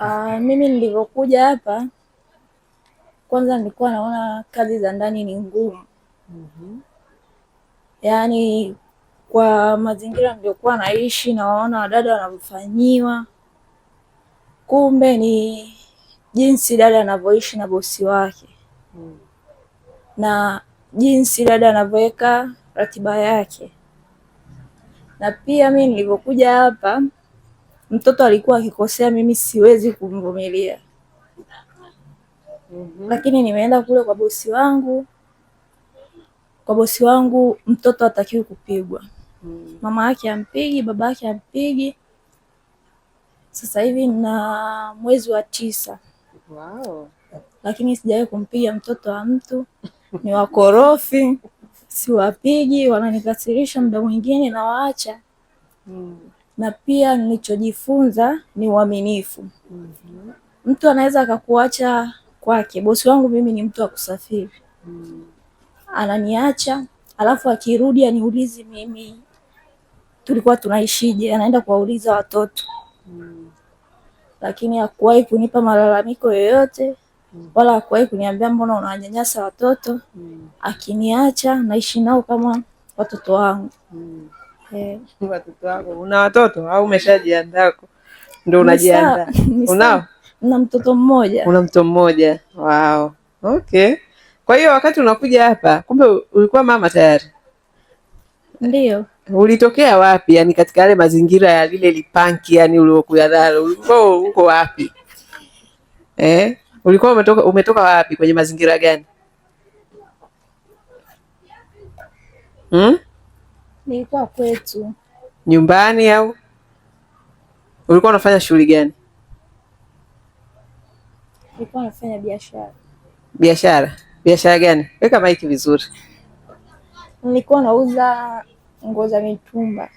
Uh, mimi nilivyokuja hapa kwanza nilikuwa naona kazi za ndani ni ngumu. mm -hmm. Yaani kwa mazingira niliokuwa naishi na waona wadada wanavyofanyiwa, kumbe ni jinsi dada anavyoishi na bosi wake. mm. na jinsi dada anavyoweka ratiba yake, na pia mimi nilivyokuja hapa mtoto alikuwa akikosea, mimi siwezi kumvumilia. mm -hmm. Lakini nimeenda kule kwa bosi wangu, kwa bosi wangu mtoto hatakiwi kupigwa. mm. Mama yake ampigi, baba yake ampigi. Sasa hivi na mwezi wa tisa. wow. Lakini sijawahi kumpiga mtoto wa mtu. Ni wakorofi, siwapigi, wananikasirisha, muda mwingine nawaacha. mm na pia nilichojifunza ni uaminifu. mm -hmm. Mtu anaweza akakuacha kwake. Bosi wangu mimi ni mtu wa kusafiri. mm. Ananiacha alafu akirudi aniulizi mimi tulikuwa tunaishije, anaenda kuwauliza watoto. mm. Lakini hakuwahi kunipa malalamiko yoyote mhm. wala hakuwahi kuniambia mbona unawanyanyasa watoto. mm. Akiniacha naishi nao kama watoto wangu. mm. watoto wako, una watoto au umeshajiandaa? ndo unajiandaa? Unao? na mtoto mmoja. Una mtoto mmoja? Wow, okay. Kwa hiyo wakati unakuja hapa, kumbe ulikuwa mama tayari? Ndio. Ulitokea wapi? Yani katika yale mazingira ya lile lipanki, yani uliokuyadhara ulikuwa uko wapi eh? Ulikuwa umetoka, umetoka wapi, kwenye mazingira gani hmm? Nilikuwa kwetu nyumbani. Au ulikuwa unafanya shughuli gani? Nilikuwa nafanya biashara. Biashara? biashara gani? Weka maiki vizuri. Nilikuwa nauza nguo za mitumba.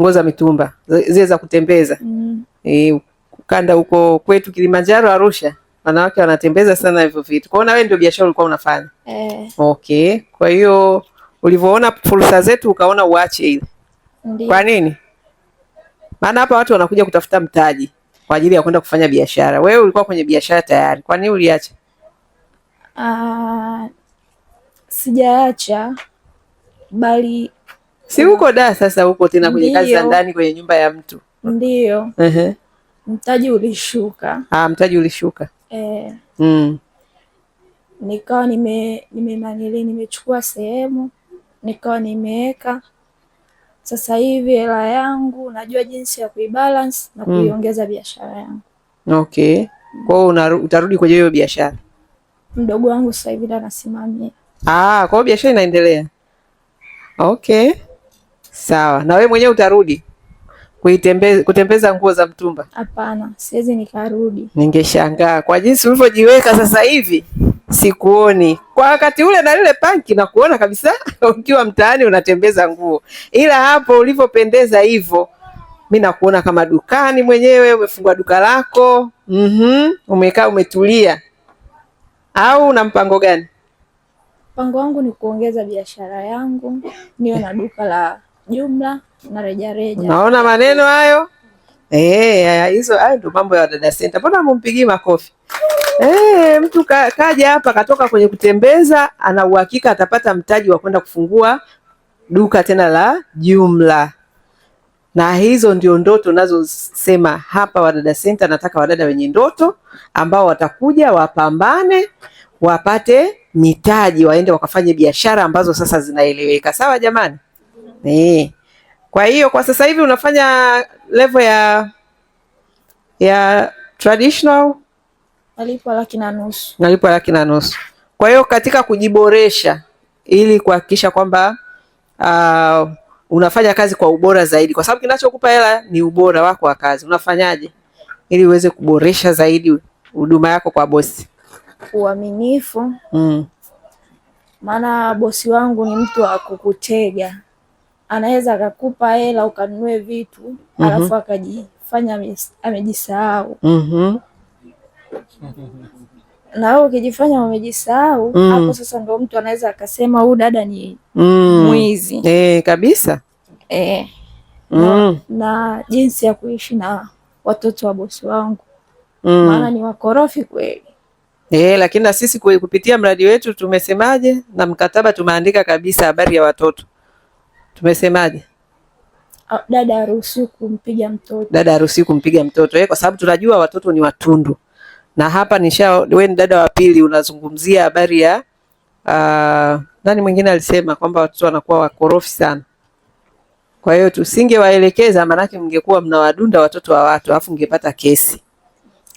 Nguo za mitumba zile za kutembeza? mm. E, ukanda huko kwetu Kilimanjaro, Arusha, wanawake wanatembeza sana hivyo vitu. Kwa hiyo na wewe ndio biashara ulikuwa unafanya eh? Okay, kwa hiyo ulivyoona fursa zetu ukaona uache ile. Kwa nini? Maana hapa watu wanakuja kutafuta mtaji kwa ajili ya kwenda kufanya biashara. Wewe ulikuwa kwenye biashara tayari, kwa nini uliacha? Uh, sijaacha bali si huko da sasa, huko tena kwenye kazi za ndani kwenye nyumba ya mtu. Ndio. uh -huh. Mtaji ulishuka. Ah, mtaji ulishuka eh. mm. Nikawa nime nimenanili nimechukua sehemu nikawa nimeweka sasa hivi hela yangu najua jinsi ya kuibalance na hmm. kuiongeza mm. biashara yangu. Okay. Kwa hiyo utarudi kwenye hiyo biashara? Mdogo wangu sasa hivi ndo anasimamia. Ah, kwa hiyo biashara inaendelea. Okay. Sawa. Na wewe mwenyewe utarudi kuitembeza kutembeza nguo za mtumba? Hapana, siwezi nikarudi. Ningeshangaa kwa jinsi ulivyojiweka sasa hivi sikuoni kwa wakati ule na lile panki na kuona kabisa ukiwa mtaani unatembeza nguo, ila hapo ulivyopendeza hivyo mi nakuona kama dukani mwenyewe, umefungua duka lako mm-hmm. Umekaa umetulia, au una mpango gani? Mpango wangu ni kuongeza biashara yangu, niwe na duka la jumla na rejareja. Unaona maneno hayo eh, hizo? Hey, hayo ndio mambo ya Wadada Senta. Mbona mumpigii makofi? E, mtu ka, kaja hapa katoka kwenye kutembeza, ana uhakika atapata mtaji wa kwenda kufungua duka tena la jumla, na hizo ndio ndoto nazosema hapa Wadada Center. Nataka wadada wenye ndoto ambao watakuja wapambane, wapate mitaji, waende wakafanye biashara ambazo sasa zinaeleweka. Sawa jamani? E. Kwa hiyo kwa sasa hivi unafanya level ya ya traditional nalipwa laki na nusu. Nalipwa laki na nusu. Kwa hiyo katika kujiboresha ili kuhakikisha kwamba uh, unafanya kazi kwa ubora zaidi, kwa sababu kinachokupa hela ni ubora wako wa kazi. Unafanyaje ili uweze kuboresha zaidi huduma yako kwa bosi? Uaminifu, mm. maana bosi wangu ni mtu wa kukutega, anaweza akakupa hela ukanunue vitu mm -hmm. alafu akajifanya amejisahau mm -hmm na wewe ukijifanya umejisahau mm. Hapo sasa ndo mtu anaweza akasema huyu dada ni mm. mwizi e, kabisa e, mm. na, na jinsi ya kuishi na watoto wa bosi wangu mm. maana ni wakorofi kweli e, lakini na sisi kupitia mradi wetu tumesemaje na mkataba tumeandika kabisa habari ya watoto tumesemaje? Dada haruhusiwi kumpiga mtoto, dada haruhusiwi kumpiga mtoto e, kwa sababu tunajua watoto ni watundu na hapa nisha wewe ni dada wa pili unazungumzia habari ya uh, nani mwingine alisema kwamba watoto wanakuwa wakorofi sana. Kwa hiyo tusingewaelekeza, maanake mngekuwa mnawadunda watoto wa watu afu mngepata kesi.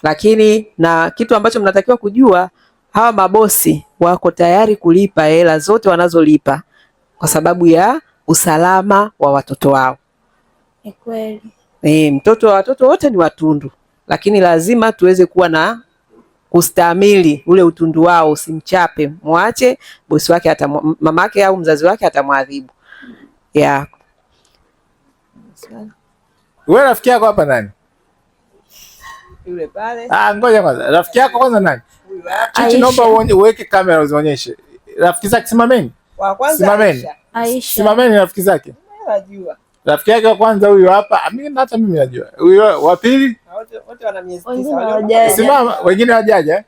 Lakini na kitu ambacho mnatakiwa kujua, hawa mabosi wako tayari kulipa hela zote wanazolipa kwa sababu ya usalama wa watoto wao. Ni kweli. E, mtoto wa watoto wote ni watundu, lakini lazima tuweze kuwa na kustahimili ule utundu wao, usimchape, mwache bosi wake hata mamake au mzazi wake atamwadhibu. Yeah. Wewe rafiki yako hapa nani? Yule pale. Ah, ngoja kwanza. Rafiki yako kwanza nani? Chichi, naomba uweke kamera uzionyeshe. Rafiki zake simameni. Wa kwanza simameni. Aisha. Simameni rafiki zake. Najua. Rafiki yake wa kwanza huyu hapa. Ah, mimi hata mimi najua. Huyu wa pili? Simama, wengine wajaja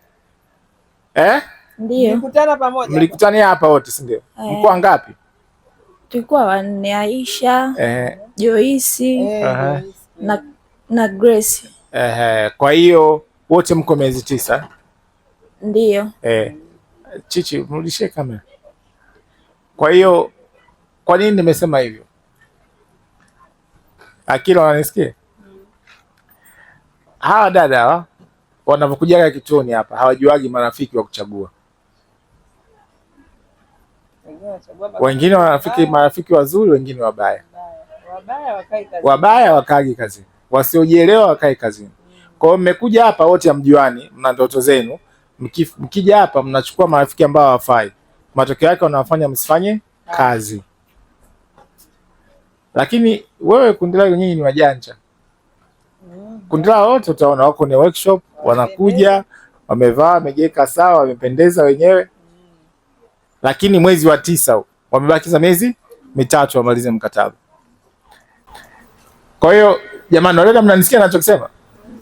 eh? Mlikutana Mlikutania hapa wote si ndio? Eh. Mkoa ngapi? Tulikuwa wanne Aisha, eh, eh, na na Grace. Eh, kwa hiyo wote mko miezi tisa? Ndio. Eh. Chichi, mrudishie kamera. Kwa hiyo kwa nini nimesema hivyo? Akili wananisikia? hawa dada hawa wanavyokujaga kituoni hapa hawajuagi marafiki wa kuchagua. Wengine wanafiki marafiki wazuri, wengine wabaya. Wabaya wakaagi kazini, wasiojielewa wakae kazini. Kwa hiyo mmekuja hapa wote hamjuani, mna ndoto zenu, mkija hapa mnachukua marafiki ambao hawafai, matokeo yake wanawafanya msifanye kazi. Lakini wewe kundi lako nyinyi ni wajanja Kundi lao wote utaona wako ni workshop, wanakuja wamevaa, wamejeka sawa, wamependeza wenyewe, lakini mwezi wa tisa wamebakiza miezi mitatu wamalize mkataba. Kwa hiyo jamani, walioda, mnanisikia nachokisema?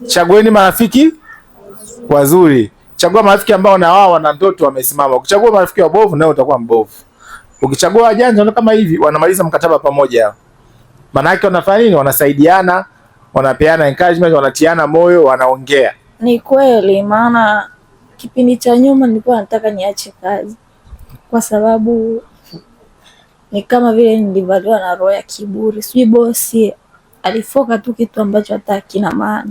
Chagueni marafiki wazuri, chagua marafiki ambao na wao wana ndoto, wamesimama. Ukichagua marafiki wabovu, nawe utakuwa mbovu. Ukichagua wajanja kama hivi, wanamaliza mkataba pamoja, maana yake wanafanya nini? Wanasaidiana wanapeana encouragement, wanatiana moyo, wanaongea. Ni kweli, maana kipindi cha nyuma nilikuwa nataka niache kazi kwa sababu ni kama vile nilivaliwa na roho ya kiburi, sijui bosi alifoka tu kitu ambacho hata kina maana.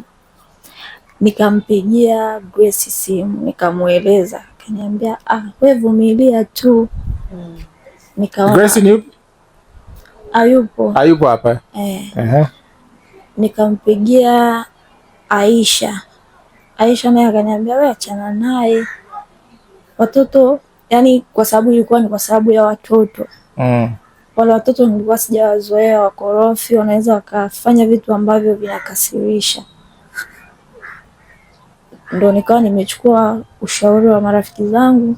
Nikampigia Grace simu nikamweleza, akaniambia ah, wewe vumilia tu. Nikaona Grace ni ayupo, ayupo hapa eh. uh -huh nikampigia Aisha. Aisha naye akaniambia wewe achana naye watoto, yani kwa sababu ilikuwa ni kwa sababu ya watoto mm. Wale watoto nilikuwa sijawazoea, wakorofi, wanaweza wakafanya vitu ambavyo vinakasirisha. Ndo nikawa nimechukua ushauri wa marafiki zangu,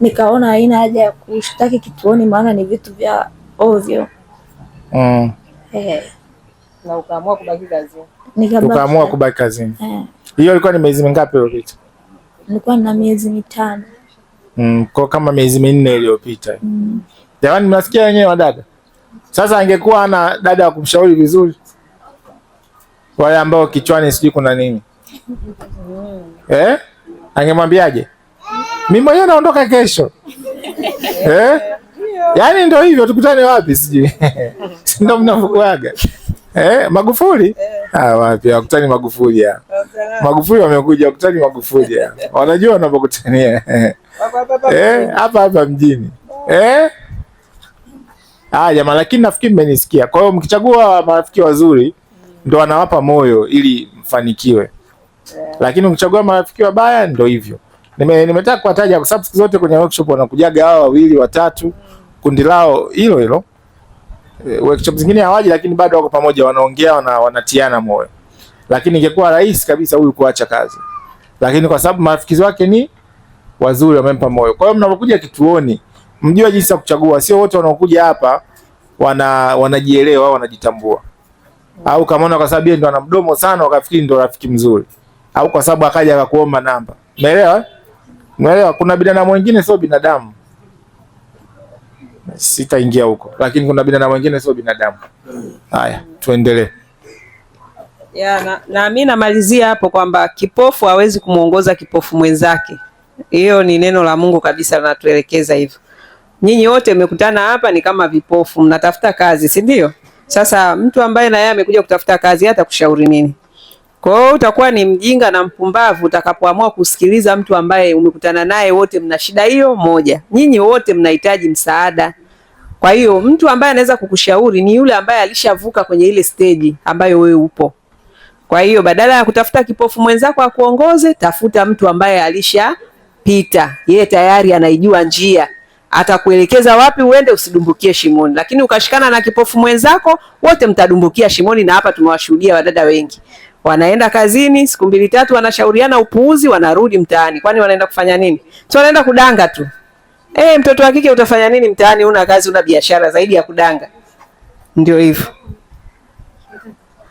nikaona haina haja ya kushtaki kituoni, maana ni vitu vya ovyo mm. eh na ukaamua kubaki kazini. Ukaamua kubaki kazini. Eh. Hiyo ilikuwa ni miezi mingapi iliyopita? Nilikuwa na miezi mitano. Mm, kwa kama miezi minne iliyopita. Mm. Jamani, mnasikia wenyewe wa dada. Sasa angekuwa ana dada wa kumshauri vizuri. Wale ambao kichwani sijui kuna nini. Mm. Eh? Angemwambiaje? Mimi mwenyewe naondoka kesho. Eh? Yaani ndio hivyo tukutane wapi sijui. Ndio mnavukuaga. Eh, Magufuli? Eh. Ah, wapi? Wakutani Magufuli ya. Ah. Magufuli wamekuja wakutani Magufuli ya. Ah. Wanajua wanapokutania. Eh. eh, hapa hapa mjini. Eh? Ah, jamaa lakini nafikiri mmenisikia. Kwa hiyo mkichagua marafiki wazuri ndo wanawapa moyo ili mfanikiwe. Eh. Lakini ukichagua marafiki wabaya ndo hivyo. Nime nimetaka kuwataja kwa sababu siku zote kwenye workshop wanakujaga hao wawili watatu mm. kundi lao hilo hilo Eh, workshop zingine hawaji, lakini bado wako pamoja, wanaongea wana, wanatiana moyo. Lakini ingekuwa rahisi kabisa huyu kuacha kazi, lakini kwa sababu marafiki wake ni wazuri, wamempa moyo. Kwa hiyo mnapokuja kituoni, mjue jinsi ya kuchagua. Sio wote wanaokuja hapa wana wanajielewa, wanajitambua au kama unaona kwa sababu yeye ndo ana mdomo sana wakafikiri ndo rafiki mzuri, au kwa sababu akaja akakuomba namba. Umeelewa? Eh? Umeelewa? Kuna binadamu wengine sio binadamu sitaingia huko, lakini kuna binadamu wengine sio binadamu. Haya, tuendelee. Na, na mi namalizia hapo kwamba kipofu hawezi kumwongoza kipofu mwenzake. Hiyo ni neno la Mungu kabisa linatuelekeza hivyo. Nyinyi wote mmekutana hapa ni kama vipofu, mnatafuta kazi, si ndio? Sasa mtu ambaye na yeye amekuja kutafuta kazi hata kushauri nini? Kwa hiyo utakuwa ni mjinga na mpumbavu utakapoamua kusikiliza mtu ambaye umekutana naye, wote mna shida hiyo moja, nyinyi wote mnahitaji msaada. Kwa hiyo mtu ambaye anaweza kukushauri ni yule ambaye alishavuka kwenye ile steji ambayo wewe upo. Kwa hiyo badala ya kutafuta kipofu mwenzako akuongoze, tafuta mtu ambaye alishapita, yeye tayari anaijua njia, atakuelekeza wapi uende, usidumbukie shimoni. Lakini ukashikana na kipofu mwenzako, wote mtadumbukia shimoni, na hapa tumewashuhudia wadada wengi wanaenda kazini siku mbili tatu, wanashauriana upuuzi, wanarudi mtaani. Kwani wanaenda kufanya nini? Si wanaenda kudanga tu. E, mtoto wa kike utafanya nini mtaani? Una kazi, una biashara zaidi ya kudanga? Ndio hivyo.